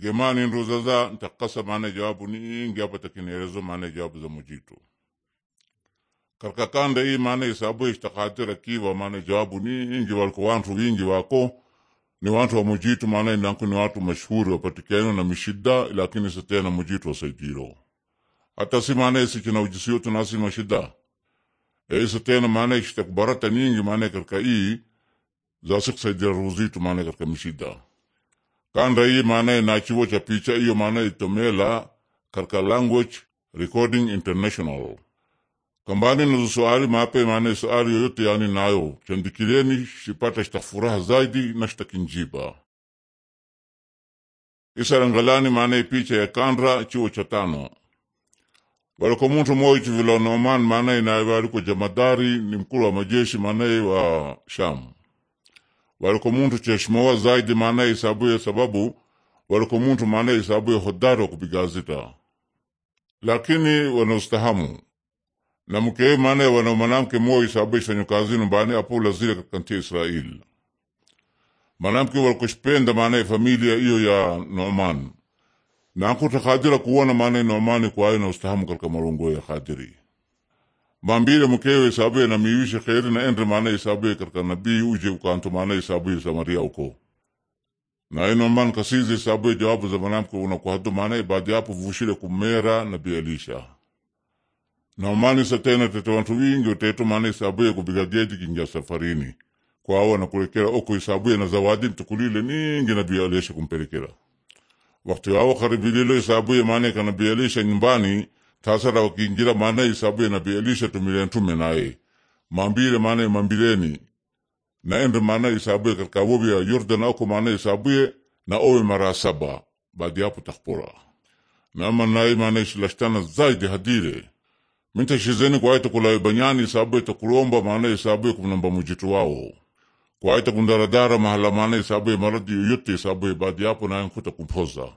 gemani ndozaza ntakasa maana jawabu ningi hapa takinerezo maana jawabu za mujitu karka kanda hii maana isabu ishtakatira kiwa maana jawabu ningi waliko wantu wingi wako ni wantu wa mujitu maana inanku ni watu mashuhuri wapatikana na mishida lakini satena mujitu wasaidiro hata si maana isichina ujisiyo tunasi mashida e, isatena maana ishtakbarata ningi maana karka hii zasik saidira ruzitu maana karka mishida kanda hii maana na chivo cha picha hiyo maana itomela karka language recording international kambani na swali mape maana swali yoyote yani nayo chandikireni shipata furaha zaidi na shtakinjiba isarangalani maana picha ya kandra chivo cha tano waliko muntu moyo oman maana naye waliko jamadari ni mkulu wa majeshi maanaye wa Shamu waliko muntu cheshimowa zaidi maana isabuye sababu waliko muntu maana ya hodari kubigazita lakini wanaostahamu na mkeye maana wana mwanamke moyo isabu isanyukazi numbani apula zile kanti Israeli mwanamke walikushipenda maana familia iyo ya Noamani na akuta kuona maana Noamani kwayo na ustahamu katika marongo ya khadiri bambire mukewe isabuye na miwishe kheri na endre mana isabuye karka nabii uje ukanto mana isabuye samaria uko na ino man kasizi isabuye jawabu za una kuhadu mana ibadi yapo vushile kumera nabii Elisha na umani sa tena tete wantu wingi uteto maana isabuye kubiga geji kinja safarini kwa awa na kulekera oko isabuye na zawadi mtukulile ningi nabii Elisha kumpelekera wakti awa karibililo isabuye mana ka nabii Elisha nyumbani tasara wakiinjira maana isabu nabii Elisha tumile ntume naye mambile maana mambileni naende maana isabuye katika wobi ya Yordani ako maana isabuye na owe mara saba baada yapo takpora nama naye maana ishilashtana zaidi hadire minta shizeni kwa aita kulawe banyani isabu ya takulomba maana isabu ya kumnamba mujitu wao kwa aita kundaradara mahala maana isabu ya maradi yoyote ya baada yapo na nkuta kumpoza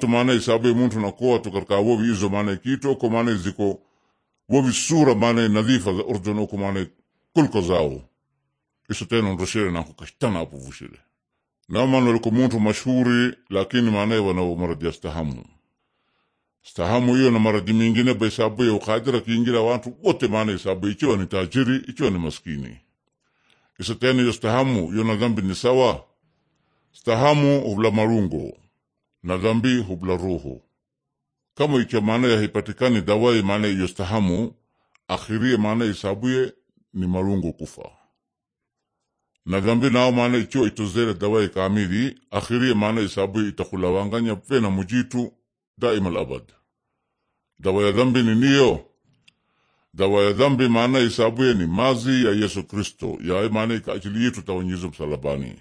tu maana isabu ya muntu tu katika wovi izo maana kito ikitoko maana ziko wovi sura maana nadhifa za urdun oko maana kulko zao iso tena ndoshere na kukashtana apo vushire na maana liko muntu mashuhuri lakini maana wana maradhi ya stahamu stahamu hiyo na maradhi mengine ba isabu ya ukadira kiingira watu wote maana isabu ikiwa ni tajiri ikiwa ni maskini iso tena yo stahamu yo na dhambi ni sawa stahamu uvula marungo na dhambi hubla ruhu kama ikia maana yahipatikani dawai maana iyostahamu akhirie maana isabuye ni marungu kufa na dhambi nao maana ikiwa itozere dawai kamili akhirie maana isabuye wanganya pena mujitu daima labad dawa ya dhambi ni niyo dawa ya dhambi maana isabuye ni mazi ya Yesu Kristo yaye maana ikaachili yetu tawanyizo msalabani